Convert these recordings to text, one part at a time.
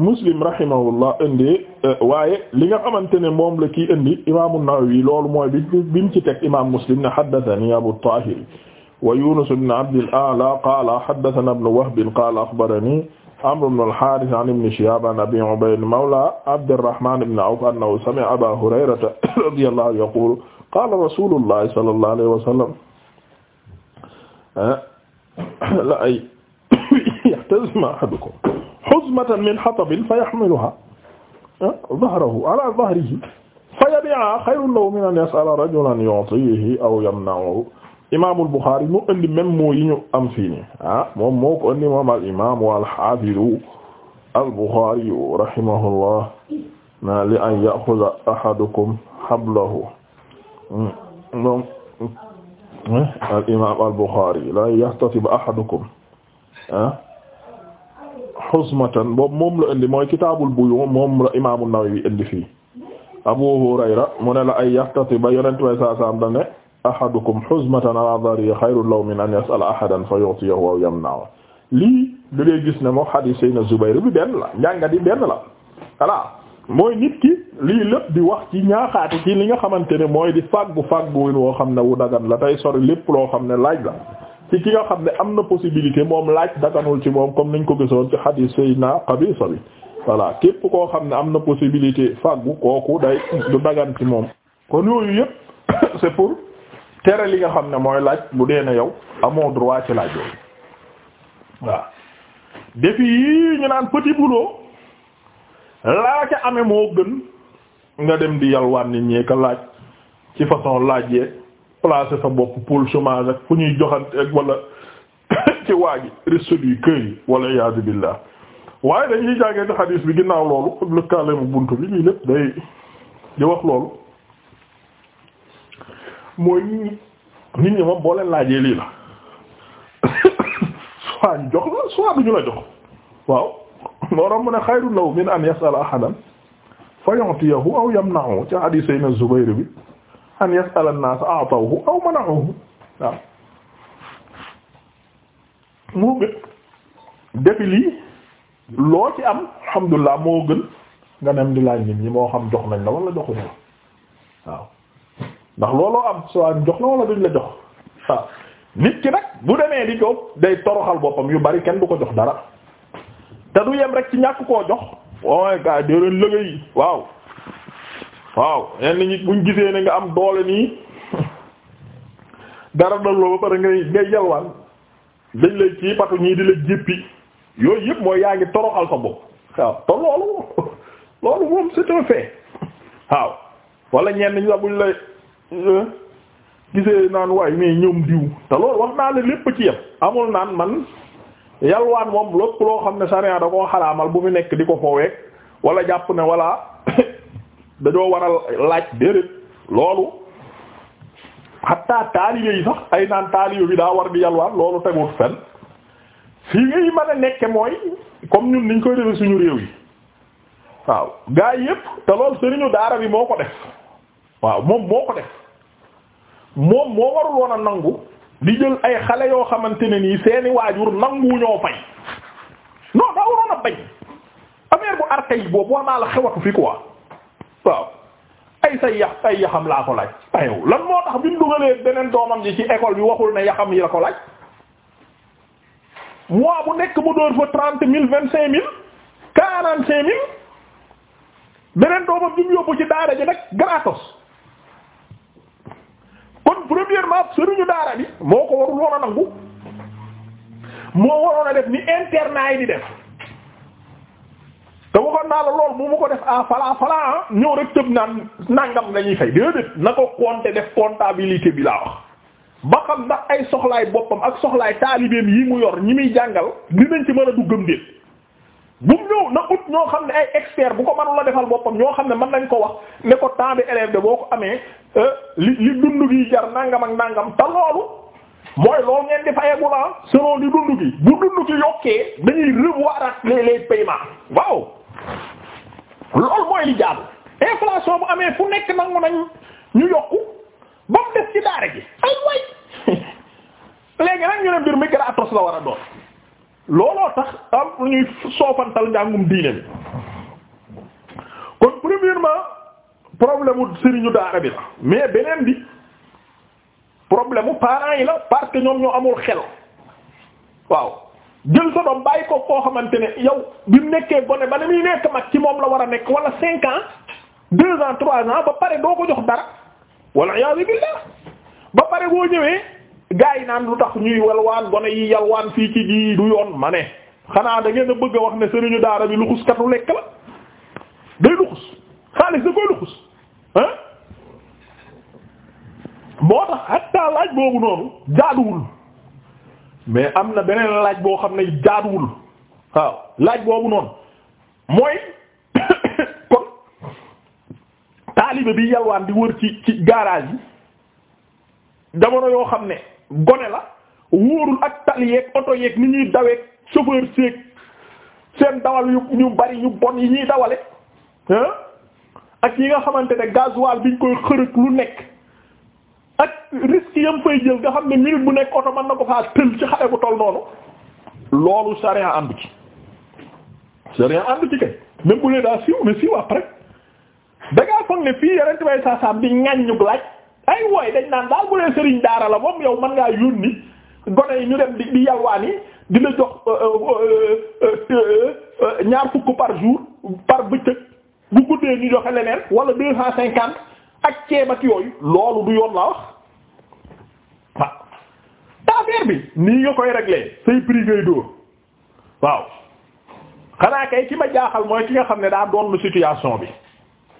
muslim rahimahullah indi eh, waaye li nga xamante ne moom la kii indi imaamu Nawawi loolu mooy bi bi mu ci teg imaam muslim ne haddathani Abu Tahir wa Yunus ibn Abd al-A'la qaala haddathana ibn Wahb qaala akhbarani Amr ibn al-Harith an ibn Shihab an Abi Ubayd mawla Abdurrahman ibn Awf annahu sami'a Aba Hurayrata radiyallahu yaqulu qaala rasulullah sallallahu alayhi wa sallam eh, la ay yahtazima ahadukum xusmatan min xatabin fa yaxmiluha dahrahu ah, ala dahrihi fa yabi'a xayrun lahu min an yas'ala rajulan yu'tihi aw yamna'uhu imaamul Buxaari mu indi même moo yi ñu am fii nii ah moom moo ko indi moom al imaamu al xaafidu al Buxaari rahimahullah na li an ya'xuza ahadukum hablahu moom eh, al imaam al Buxaari la yastatib ahadukum ah xusmatan boobu moom la indi mooy kitaabul buyu moom la imaamu Nawawi indi fii Abu Hurayra mu ne la ay yaftati ba yonent way saa saam da ne ahadukum xusmatan ala dhari xayrun lahu min an yas'ala ahadan fa yu'tiyahu aw yamna'u lii da ngay gis ne moom xadiis Seydina Zubayr bi benn la njàngat yi benn la voilà mooy nit lii lépp di wax ci ñaaxaate li nga xamante ne mooy di fàggu fàggu win woo xam ne wu dagan la tey sori lépp loo xam ne laaj la ci nga xam ne am na possibilité moom laaj daganul ci moom comme niñ ko gisoon ci hadith Seydina Qabisa bi voilà képp koo xam ne am na possibilité fàggu kooku day du dagan ci moom kon yooyu yëpp c'est pour tere li nga xam ne mooy laaj bu dee ne yow amoo droit ci laaj yooyu waaw défi yi ñu naan petit boulot laa ca amee moo gën nga dem di yalwaan nit ñee ka laaj ci façon laaj yeeg placer sa bopp pôle chômage ak fu ñuy joxante ak wala ci waa ji resto du cœur yi wala waaye dañuy jàngee ci xadiis bi ginnaaw loolu ak lëkkaaleemu bunt bi lii lépp day di wax loolu mooy nit ñi moom boo leen laajee lii la soit ñu jox la soit du la jox waaw morom mu ne xayru law min an yas'ala ahadan fa yu'tiyahu aw yamna'u ci xadiis yi na Zubayr bi an yas'ala an-nas a'tawhu aw mana'uhu waaw moo gën defi lii loo ci am alhamdulilah moo gën nga dem di laaj nit moo xam jox nañ la wala joxuñu la waaw ndax looloo am soit jox la wala duñ la jox waaw nit ki nag bu demee di jox day toroxal boppam yu bari kenn du ko jox dara te du yem rek ci ñàkk koo jox. waaye gars dee leen liggéey waaw. waaw ñenn ñi buñ gisee ne nga am doole nii dara daloo ba pare ngay ngay yalwaan dañ lay kii patu ñii di la jéppi yooyu yëpp mooy yaa ngi toroxal sa bopp waaw te loolu loolu moom c'est un fait waaw wala ñenn ñi sax buñ lay euh, gisee naan waay mais ñoom diw te loolu wax naa la lépp ci yem amul naan man yalwaan moom lépp loo xam ne sariya da koo xaraamal bu fi nekk di ko fooweeg wala jàpp ne wala dañoo war a laaj déedéet loolu xatta taalibe yi sax ay naan taalibe bi daa war di yalwaan loolu teguut fen fii ngay mën a nekke mooy comme ñun niñ koy defee suñu réew yi waaw gaa yi yépp te loolu sëriñu daara bi moo ko def waaw moom moo ko def moom moo warul nangu di jël ay xale yoo xamante ne nii seeni waajur nangu ñoo fay non daa waroon a bañ affaire bu arca yi boobu waa naa la xewatu fi quoi waaw ay say yax ay yaxam laa ko laaj ayow lan moo tax bi mu dugalee beneen doomam ji ci école bi waxul ne yaxam yi la ko laaj mois bu nekk mu dóor fa trente mille vingt cinq mille quarante cinq mille beneen doomam ji mu yóbbu ci daara ji nag gratos kon premièrement sëriñu daara bi moo ko warul woon a nangu moo waroon def ni internat yi di def te waxoon naa la lool moom mu ko def à fala fala ah ñëw rek tëb naan nangam la ñuy fay déedéet na ko compter def comptabilité bi laa wax ba xam ndax ay soxlaay boppam ak soxlaay taalibeem yi mu yor ñi muy jàngal dinañ ci mën a duggam déet bu ñëw na ut ñoo xam ne ay expert bu ko mënu la defal boppam ñoo xam ne mën nañ ko wax ne ko temps de élève de boo ko amee euh, li li dund gi jar nangam ak nangam te loolu mooy loolu ngeen di bu la selon li dund gi bu waaw loolu mooy li jaadu bu amee fu nekk nangu nañ ñu yokku ba mu des ci daara ji ay way léegi nag ñu ne mbir mi gratos la war a doon looloo tax am ñuy soofantal njàngum diine bi kon premièrement problème mu sëriñu daara bi la mais beneen bi problème mu parents yi la parce que ñoom ñoo amul xel waaw. jël sa doom bàyyi ko koo xamante ne yow bi mu nekkee gone ba ne muy nekk mag ci moom la war a nekk wala cinq ans deux ans trois ans ba pare doo ko jox dara wala iyaazu billah ba pare boo ñëwee gars yi naan lu tax ñuy walwaan gone yi yalwaan fii ci ji du yoon ma ne xanaa da ngeen a bëgg a wax ne sëriñu daara bi luxuskatu lekk la day luxus xaalis da koy luxus ah moo tax hatta laaj boobu noonu jaaduwul. mais am na beneen laaj boo xam ne jaaduwul waaw laaj boobu noonu mooy kon taalibe bi yalwaan di wër ci ci garage yi jamono yoo xam ne gone la wóorul ak tali yeeg oto yeeg ni ñuy daweeg chauffeur seeg seen dawal yu ñu bari yu bon yi ñuy dawale ah ak yi nga xamante ne gasoil biñ koy xërëg lu nekk ak risque yam fay jël nga xam ne minute bu nekk oto mën na ko faa tël ci xale bu toll noonu loolu sariya ànd ci sariya ànd ci kay même bu dee daa siiw ne siiw après da ngaa foog ne fii yore bay saa bi ñaññu laaj ay wooy dañ naan daal bu dee sëriñ daara la moom yow man ngaa yónni gone yi ñu dem di di yalwaan yi jox euh, euh, euh, ñaar fukk par jour par bëccëg bu guddee ñu joxe leneen wala deux cent cinquante ak ceeb ak yooyu loolu du yoon la wax. affaire bi nii nga koy régler say prix ngay dóor waaw xanaa kay ki ma jaaxal mooy ki nga xam ne daa doon situation bi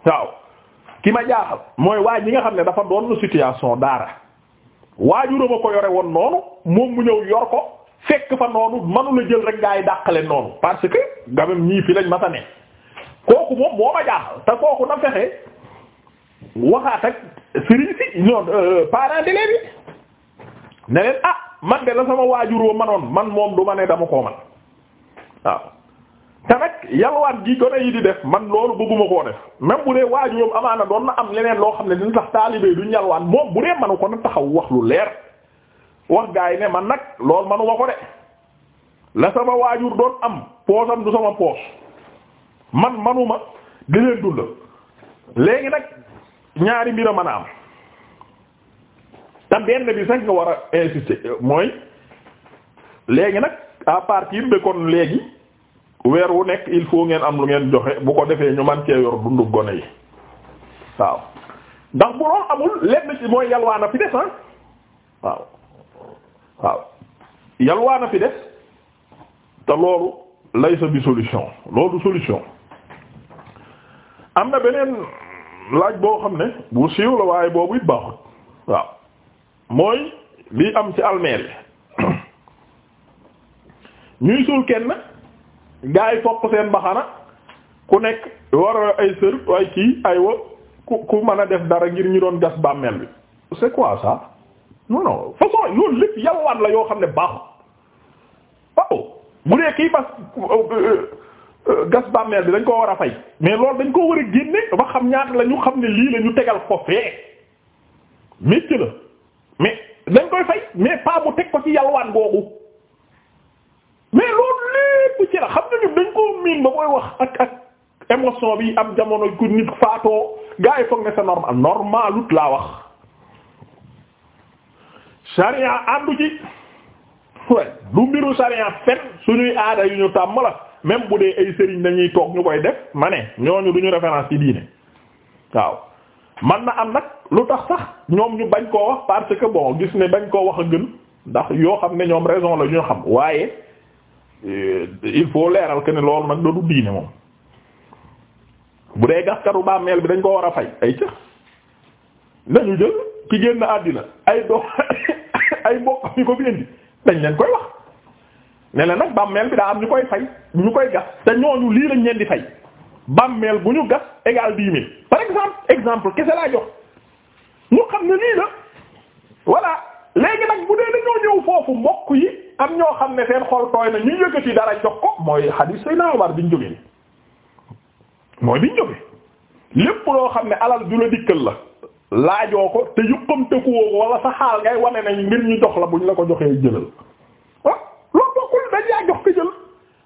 waaw ki ma jaaxal mooy waa ñi nga xam ne dafa doon situation daara waajuram a ko yore woon noonu moom mu ñëw yor ko fekk fa noonu mënu jël rek gaa dàqale noonu parce que gamam ñii fi lañ ma kooku moom moo ma jaaxal te kooku na fexe waxaat ak sëriñ si ñoom euh, parents d'élèves yi ne leen ah man de la sama woo manoon man moom du ma ne dama koo man waaw te nag yalwaat gi gone yi di def man loolu bëgguma koo def même bu dee waajuroom amaana doon na am leneen loo xam ne dina tax taalibee du yalwaat moom bu dee manu ko na taxaw wax lu leer wax gaa yi ne man nag loolu manuma ko de la sama waajur doon am poosam du sama poos man manuma di leen dundal léegi nag ñaari mbir a mën a am te benn bi sax nga war a insister mooy léegi nag à partir de kon léegi weer wu nekk il faut ngeen am lu ngeen joxe bu ko defee ñu man cee yor dundu gone yi waaw ndax bu loolu amul lenn ci mooy yalwaana fi des ah waaw yalwaana fi des te loolu lay sa bi solution loolu solution am na beneen laaj boo xam ne bu siiw la waaye boobu it baaxut waaw mooy li am ci almeel ñuy suul kenn gaa yi topp seen baxana ku nekk war ay sër ay kii aywa ku ku mën a def dara ngir ñu doon gas bàmmeel bi c'est quoi ça non non façon loolu lépp yalwaan la yoo xam ne baaxul waaw bu dee kii bas euh, euh, gas bàmmeel bi dañ koo war a fay mais loolu dañ koo war a génne ba xam ñaata la ñu xam ne lii la ñu tegal ko fee la mais dañ koy fay mais pas bu teg ko ci yalwaan googu mais loolu lépp ci la xam nañu dañ koo miin ba koy wax ak ak émotion bi am jamono ku nit faatoo gars yi foog ne c'est normal normalut laa wax sharia àndu ci way du mbiru sharia fen suñuy aada yu ñu tàmm la même bu dee ay sëriñ dañuy toog ñu koy def ma ne ñooñu duñu référence ci diine waaw man na am nag lu tax sax ñoom ñu bañ koo wax parce que bon gis ne bañ koo wax a gën ndax yoo xam ne ñoom raison la ñu xam waaye euh, il faut leeral que ne loolu nag doodu diine moom bu dee gaskaru bàmmeel bi dañ ko war a fay ay ca nañu jël ki génn àddina ay dox ay mbokk ñu ko fi dañ leen koy wax ne la nag bàmmeel bi daa am ñu koy fay ñu koy gas te ñooñu lii lañ leen di fay bàmmeel bu ñu gas égal dix mille par exemple exemple kese laa jox ñu xam ne lii la voilà léegi nag bu dee dañoo ñëw foofu mbokk yi am ñoo xam ne seen xol tooy na ñu yëkkati dara jox ko mooy xadiis Seydina Umar biñ jógee mooy biñ jógee lépp loo xam ne alal du la dikkal la laajoo ko te yuqamte ko wala sa xaal ngay wane nañ ngir ñu jox la ñu la ko joxee jëlal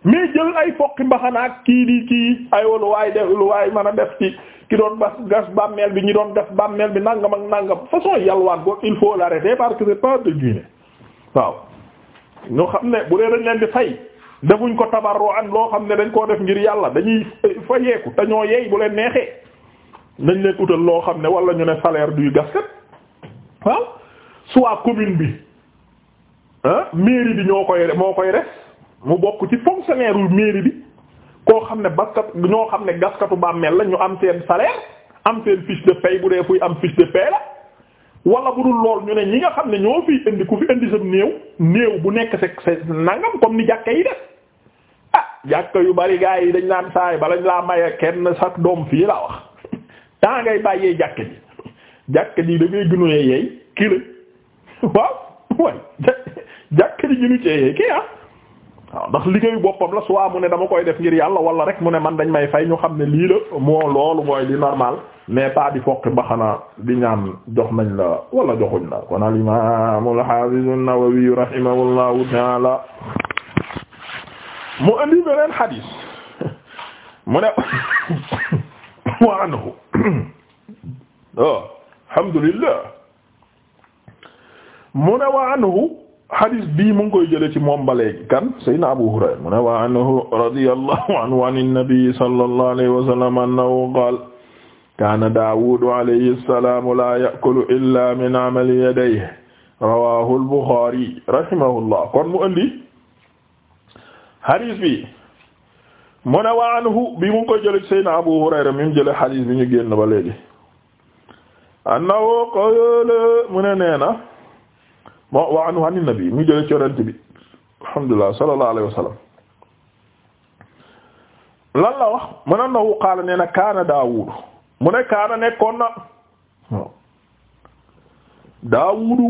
mais jël ay foqi mbaxanaak kii di kii aywa lu waay def lu waay mën a def ci ki doon gas bàmmeel bi ñi doon def bàmmeel bi nangam ak nangam façon yalwaan ko il faut la parce que c'est pas de Guinée waaw ñu xam ne bu dee dañ leen di fay defuñ ko tabaroo an loo xam ne dañ koo def ngir yàlla dañuy fayeeku te ñoo yey bu leen neexee nañ leen utal loo xam ne wala ñu ne salaire duy gaskat waaw soit commune bi ah mairie bi ñoo koy moo koy def mu bokk ci fonctionnaire yu mairie bi koo xam ne baskat ñoo xam ne gaskatu bàmmeel la ñu am seen salaire am seen fiche de paie bu dee fuy am fiche de paie la wala bu dul lool ñu ne ñi nga xam ne ñoo fiy indi ku fi indi sam néew néew bu nekk sa sa nangam comme ni jàkka yi def ah jàkka yu bari gaa yi dañ naan saay balañ laa maye kenn sa doom fii laa wax daa ngay bàyyee jàkka ji jàkka ji da ngay gënoon yeey kii la waaw jàkka ji gënu cee yeey kii ah. waaw ndax liggéeyu boppam la soit mu ne dama koy def ngir yàlla wala rek mu ne man dañ may fay ñu xam ne lii la moo loolu mooy li normal mais pas di foqi mbaxana di ñaan jox nañ la wala joxuñ la kon al imam al hafiz an-Nawawi mu andi beneen hadis mu ne wa anhu oh, alhamdulillah mu ne wa anhu xadis bii mu ngi koy jëlee ci moom ba léegi kan sayyidina Abu Hurayra mu ne wa anhu radiyallahu anhu an nabi sallallahu alayhi wa sallam annahu qaala kaana Daawudu alayhi salaam laa ya'kulu illaa min amali yadayhi rawaahu al-Buxaari rahimahullah kon mu andi xadis bi mu ne wa anhu bii mu ngi koy jëlee ci sayyidina Abu Hurayra mi mu jëlee xadis bi ñu génn ba léegi annahu qaala mu ne nee na bon wa anhu an nabi mu jële ci yonent bi alhamdulillah sallallahu alayhi wa sallam lan la wax mu ne annahu qaala nee na kaana Daawuud mu ne kaana nekkoon na Daawuudu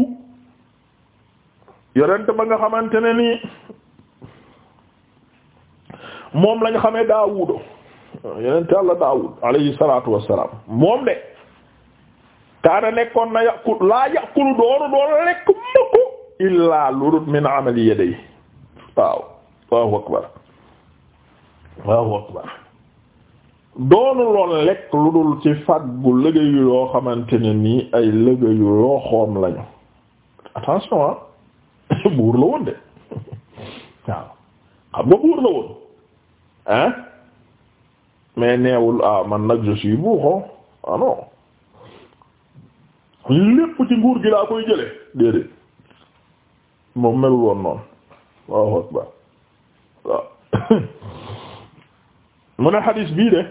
yonent ba nga xamante ne nii moom lañ xamee Daawuudu yonent Yàlla Daawuud alayhi salaatu wassalaam moom de kaana nekkoon na yàqu laa yàqulu doonu doonu lekk illaa lurut min amali yaday waaw Allahu akbar Allahu akbar doonu loon lekk lu dul ci fàggu liggéeyu yoo xamante ne nii ay liggéeyu yoo xoom lañu attention ah buur la woon de waaw xam nga buur la woon ah mais neewul ah man nag je suis buuxoo oh. ah non lépp ci nguur gi laa koy jële déedéet moom melul woon noonu waaw mu ne xadis bii de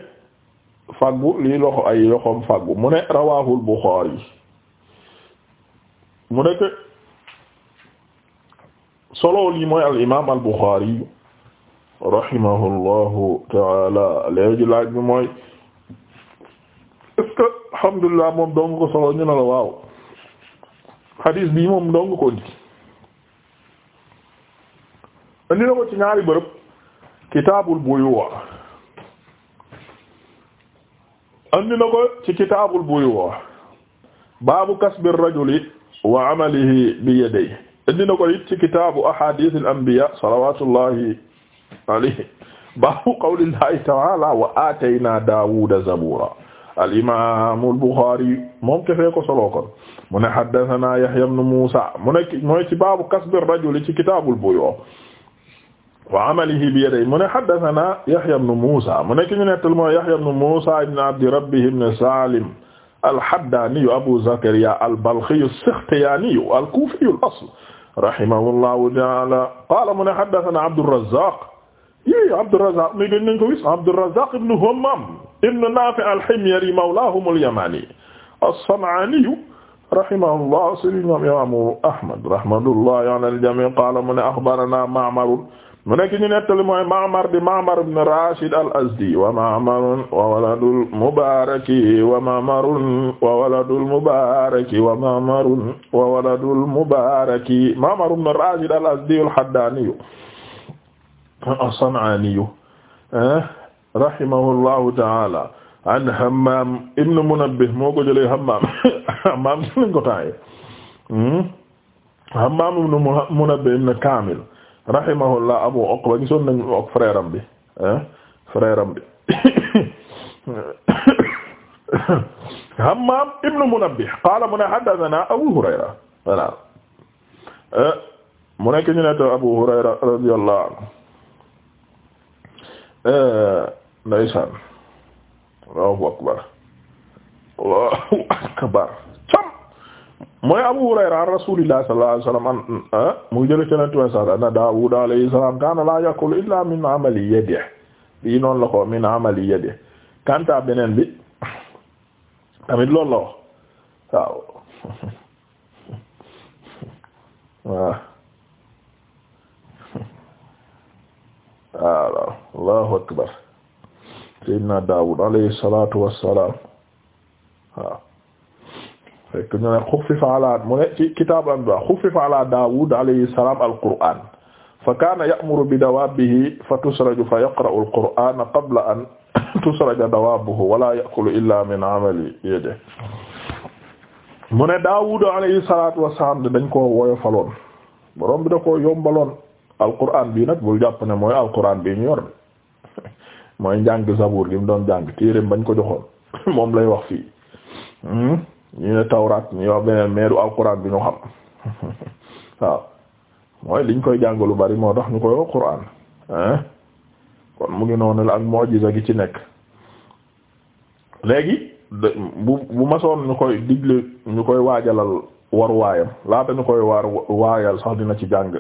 faggu lii loxo ay loxoom faggu mu ne rawaahul Buxaari mu nekk solo lii mooy al imaam al Buxaari taala léegi laaj bi mooy est-ce que alhamdulillah moom dong ko solo ñu ne waaw xadis bii moom dong ko di indi na bërëb kitaabul buyuu indi na ko ci kitaabul buyuu baabu kasbir rajuli wa amalihi bi yadayhi indi na ko it ci kitaabu ahadiisil baabu qawlillahi ta'aala wa aataynaa daawuuda zabuura al imaamul moom kefee ko solo kon mu ne haddasanaa Yahyaa ibnu baabu kasbir rajuli ci kitaabul wa amalihi bi yadayhi mu ne haddathana Yahya ibn Musa mu ne ki ñu nettal mooy Yahya ibn Musa ibn Abdi Rabbih ibn Salim al-Haddani Abu Zakariya al-Balkhi as-Sakhtiyani al-Kufi al-asl rahimahullahu ta'ala qala mu ne haddathana Abdurrazzaq yi Abdurrazzaq mi gën nañ ko gis Abdurrazzaq ibn Hammam ibn Nafi' al-Himyari mawlahum al-Yamani as-San'ani rahimahullah sëriñ imam Ahmad rahmatullahi ala al-jami' qala mu ne akhbarana Ma'mar mu nekk ñu nettali mooy Ma'mar di Ma'mar ibn Rashid al-Azdi wa Ma'marun wa waladul Mubaraki wa Ma'marun wa waladul Mubaraki wa Ma'marun wa waladul Mubaraki Ma'mar ibn Rashid al-Azdi al-Haddani as-San'ani eh, rahimahullahu ta'ala an Hammam ibn Munabbih moo ko jëlee Hammam Hammam ko taay hmm, Hammam ibn Munabbih ibn Kamil rahimahullah abu uqba gisoon nañu ak frère am bi frère am bi hammam ibnu munabbih qaala mu ne haddathana abu hurayra voilà mu nekk ñu nete abu hurayra radiyallahu anhu ndeysaan allahu akbar allahu akbar mooy Abu Hurayra an Rasulillah sallallahu alayhi wasallam ah, mu jële ci Yonent bi sallallahu alayhi wasallam na Daawud laa yakulu illaa min amali yadihi bii noonu la ko min amali yadihi kanta beneen bi tamit loolu la Allahu akbar sayyidina Daawud alayhi wassalaam waaw fekk ñu ne xuffifa ala mu ne ci kitaab am ba xuffifa ala Daawud alayhi salaam fa kaana ya'muru bi dawaabihi fa tusraju fa yaqra'u al-Qur'aana dañ koo woyofaloon quraan bii nag bul jàpp ne mooy al-Qur'aan bii mooy njàng Zabuur gi mu doon bañ ko joxoon lay wax fii. Hmm? ñu ne tawraat ñu wax beneen meeru alquran bi ñu xam waaw mooy liñ koy jàng lu bari moo tax ñu koy wax quran kon mu ngi noonu la ak mujiza gi ci nekk léegi bu bu masoon ñu koy digle ñu koy waajalal war waayam laata ñu koy war waayal sax dina ci jàng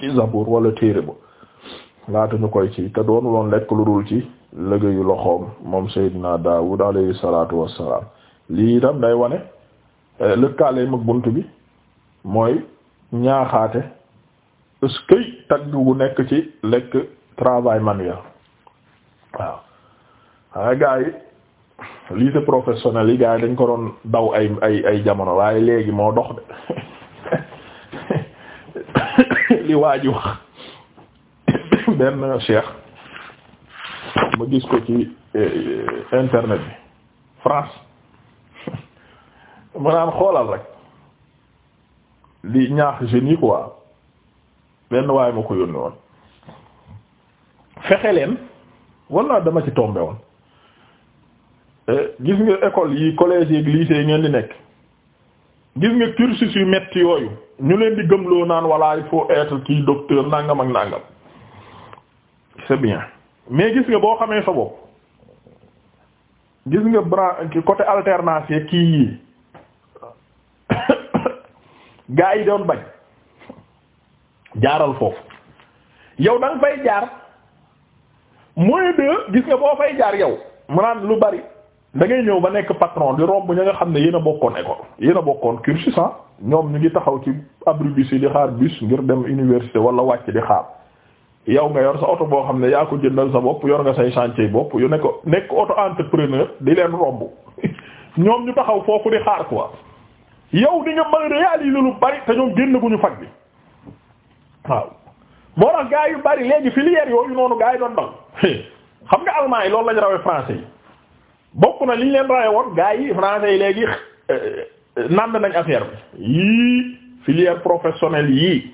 ci zabur wala téere ba laata ñu koy ci te doonu loon lekk lu dul ci liggéeyu loxoom moom Seydina Daawud alayhi salaatu wassalaam lii itam day wane euh, lëkkaale mag bunt bi mooy ñaaxaate ëskëy tagg gu nekk ci lekk travail manuel waaw waaye gars yi lycée professionnel yi gars yi dañ ko doon daw ay ay ay jamono waaye léegi moo dox de li waa benn cheikh ma gis ko ci euh, internet bi France mu naan xoolal rek li ñaax jeunes yi quoi benn waaye ma ko yónni woon fexe leen walla dama ci tombé woon eh, gis nga école yi collège yi lycée yi ngeen di nekk gis nga cursus yu metti yooyu ñu leen di gëmloo naan walla il faut être kii docteur nangam ak nangam c'est bien mais gis nga boo xamee sa bopp gis nga bran côté alternance kii yii gaa yi doon bañ jaaral foofu yow da nga fay jaar mooy de gis nga boo fay jaar yow mu naan lu bari da ngay ñëw ba nekk patron di romb ñu nga xam ne yéen a bokkoon école yéen a bokkoon cursus ah. ñoom ñu ngi taxaw ci abri bus yi di xaar bus ngir dem université wala wàcc di xaar yow nga yor sa oto boo xam ne yaa ko jëndal sa bopp yor nga say chantier bopp yu nekk nekk auto entrepreneur di leen romb ñoom ñu taxaw foofu di xaar quoi yow di nga mën réaliser lu bari te ñoom génn gu ñu fag bi waaw moo tax gaa yu bari léegi filière yooyu noonu gaa yi doon daw xam nga allemand yi loolu lañ rawee français yi bokk na liñ leen rawee woon gaa yi français yi léegi euh, nand nañ affaire bi yii filière professionnelle yii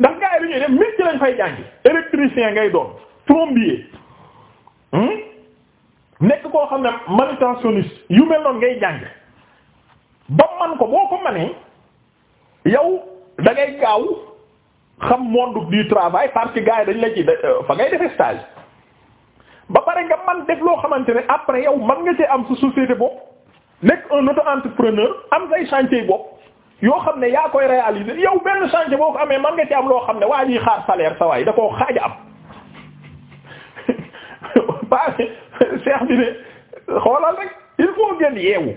ndax gaa yi bi ñuy dem métier lañ fay jàngi électricien ngay doon plombier hmm? nekk koo xam ne manutentioniste yu mel noon ngay jàng ba man ko boo ko manee yow da ngay gaaw xam monde du travail parce que gars yi dañ la ci euh, fa ngay defe stage ba pare nga man def loo xamante ne après yow man nga see am su société bopp nekk un auto-entrepreneur am ngay chantier bopp yoo xam ne yaa koy réaliser yow benn chantier boo ko amee man nga ci am loo xam ne waa ñuy xaar salaire sa waay da koo xaaja am parce seex bi ne xoolal rek il faut ngeen yeewu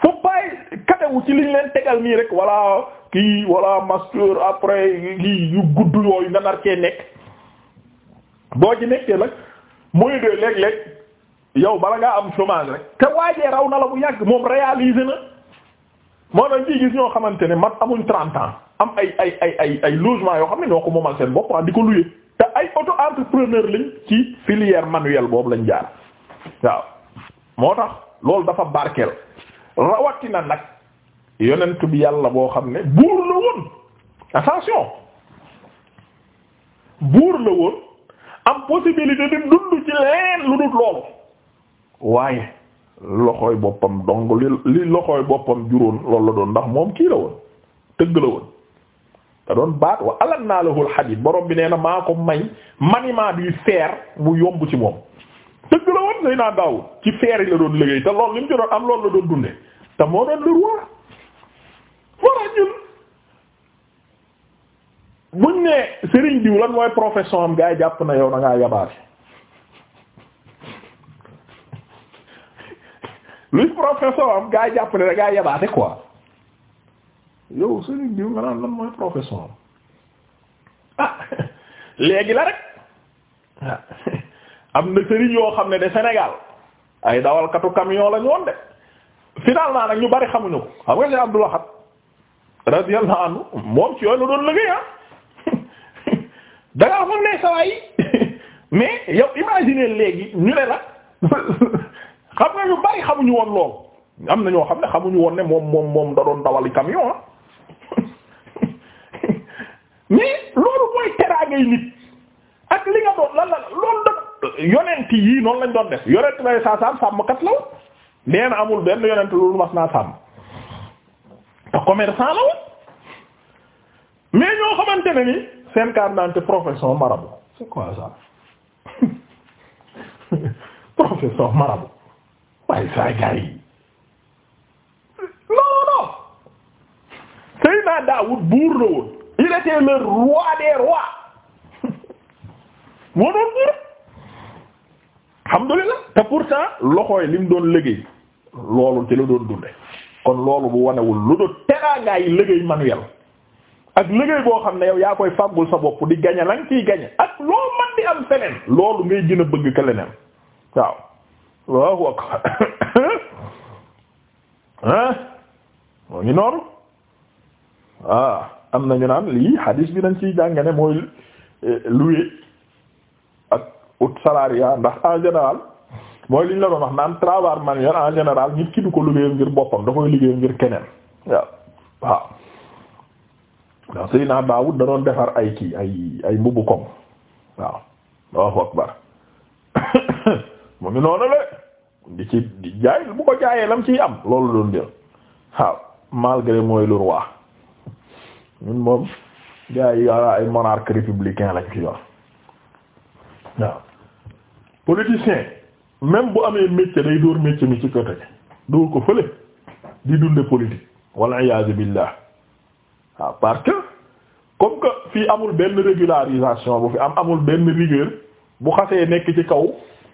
fu bàyyi katewu ci liñ leen tegal nii rek walla kii walla master après kii yu gudd yooyu nga nar nekk boo ci nekkee nag mooy de léeg-léeg yow bala ngaa am chômage rek te waajee raw na la bu yàgg moom réalisé na moo tax ñuy gis ñoo xamante ne mat amuñ 30 ans am ay ay ay ay ay logement yoo xam ne ñoo ko moomal seen bopp ah, di ko luye te ay auto entrepreneur lañ ci filière manuelle boobu lañ jaar waaw moo tax loolu dafa barkel rawatina nag yonent bi yàlla boo xam ne buur la woon attention buur la woon am possibilité di dund ci leen lu dul loolu waaye loxooy boppam dong li li loxooy boppam juróon loolu la doon ndax moom kii la woon tëgg la woon da doon baat wa alal naa lahul hadid borom bi nee na maa ko may maniement du fer bu yomb ci moom dëgg la woon Seydina Daawud ci feer yi la doon liggéey te loolu li mu am loolu la doon dunde te moo doon le roi wara ñun buñ ne Serigne diw lan mooy profession am gaa jàpp na yow na ngaa yabaate luy profession am gaa jàpp ne da yabaate quoi yow Serigne diw nga naan lan mooy profession am ah léegi la rek ah am na sëriñ yoo xam ne de Sénégal ay dawalkatu camion la ñu woon de nag ñu bari xamuñu ko xam nga ne Abdou Lahad radiyallahu anhu moom ci yooyu la doon liggéey ah da ngaa ne saa mais yow imaginer léegi ñu ne la xam nga ñu bari xamuñu woon lool am na ñoo xam ne xamuñu woon ne moom moom moom da doon dawali camion ah mais loolu mooy teraangay nit ak li nga doon lan la loolu. yonent yii noonu lañ doon def yonent bay saa saam sàmmkat la woon nee amul benn yonent loolu mas naa sàmm te commerçant la woon mais ñoo xamante ne ni seen carte d'identité profession marabout c'est saa gars yi non non Seydina Daoud buur la woon il était le roi des rois moo doon buur alhamdulillah te pourtant loxooy lim doon liggéey loolu ci la doon dunde kon loolu bu wanewul lu do teraangaayi liggéey manuel ak liggéey boo xam ne yow yaa koy fàggul sa bopp di gañe la nga ciy gañe ak loo man di am feneen loolu ngay gën a bëgg ka leneen waaw Allahu akbar ah moo ngi nooru ah am nañu naan lii hadis bi dañ ciy jàngane mooy eh, luwe ut salariat ndax en général mooy li ñu la doon wax naan travail manuel en général nit ki du ko liggéeyal ngir boppam da koy liggéeyal ngir keneen waaw waaw ndax sëy defar ay kii ay ay mbubu koŋ waaw Allahu akbar mu ngi noonu la di ci di jaay bu ko jaayee lam ciy am loolu doon jël waaw malgré mooy le roi ñun moom jaay yi ay républicain lañ ci yor politicien même bu amee métier day dóor métier mi ci côté dóor ko fële di dunde politique walla iyaazu billah waaw parce que comme que fii amul benn régularisation bu fi am amul benn rigueur bu xasee nekk ci kaw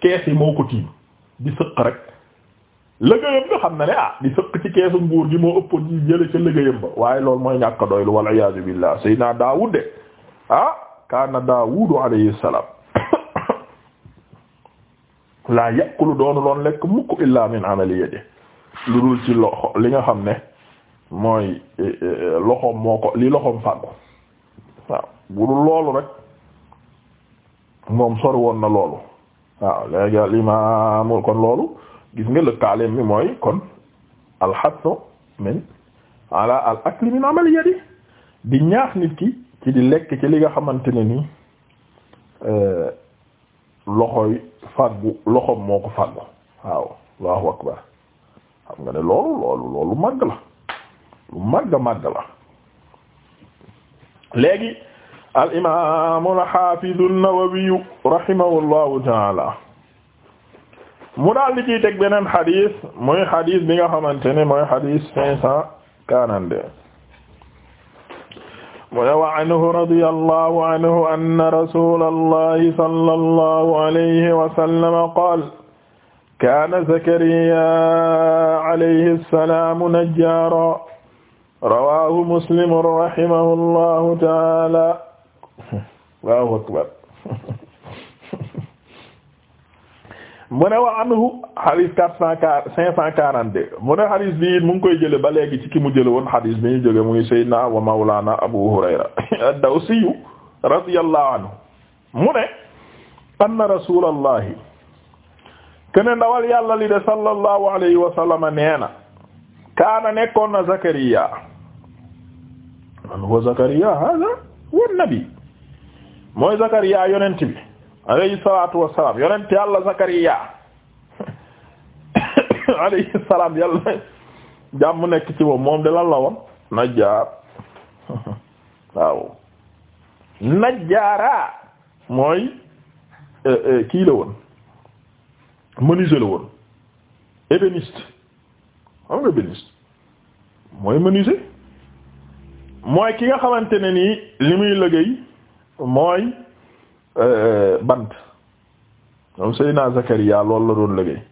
kees yi moo ko tiim di sëq rek liggéeyam nga xam na ne ah di sëq ci keesu nguur gi moo ëpp di jële ca liggéeyam ba waaye loolu mooy ñàkk doylu walla iyaazu billah Seydina Daawud de ah kaana Daawudu alayhi salaam laa yàqulu doonu loon lekk mukk illaa min amali yadi lu dul ci loxo li nga xam ne mooy eh, eh, loxoom moo ko li loxoom fàggu waaw bu dul loolu rek moom sor woon na loolu waaw léegi al imaamul kon loolu gis nga lëkkaaleen mi mooy kon alxasnu min ala al min amali di ñaax nit ki ci di lekk ci li nga xamante ne nii eh, loxoy fàggu loxo moo ko fàggu waaw allahu akbar nga ne loolu loolu loolu màgg la lu màgg màgg la léegi al imaamu al xaafidu an-Nawawi rahimahullahu taala mu daal di ciy teg beneen xadis muy xadis bi nga xamante ne mooy xadis cinq cent mu ne wa anhu radiyallahu anhu anna rasulallahi sallallahu alayhi wa sallam qaala kaana Zakariyaa alayhi salaam najjaaran rawaahu muslim rahimahullahu ta'aala Allahu akbar mu wa anhu hadith quatre cent cinq cent quarante deux mu ne hadith bi mu ngi koy jële ba léegi ci ki mu jële woon hadith bi ñu jóge muy Seydina wa Mawlana Abu Hurayra ad-Dawsi radiyallahu anhu mu ne anna rasulallahi kene ndawal yàlla li de sallallahu alayhi wa nee na kaana nekkoon na Zakariya man huwa Zakariya hada wa nabi mooy Zakariya yonent alayhi salaatu wassalaam yonent yàlla Zakariya alayhi salaam yàlla jàmm nekk ci moom moom de lan la woon najjaar waaw najjaara mooy eh, eh, kii la woon menuisier la woon ébéniste xam nga mooy menuisier mooy ki nga xamante ne nii li muy liggéey mooy Euh, bant ñoom Seydina Zakariya loolu la doon liggéey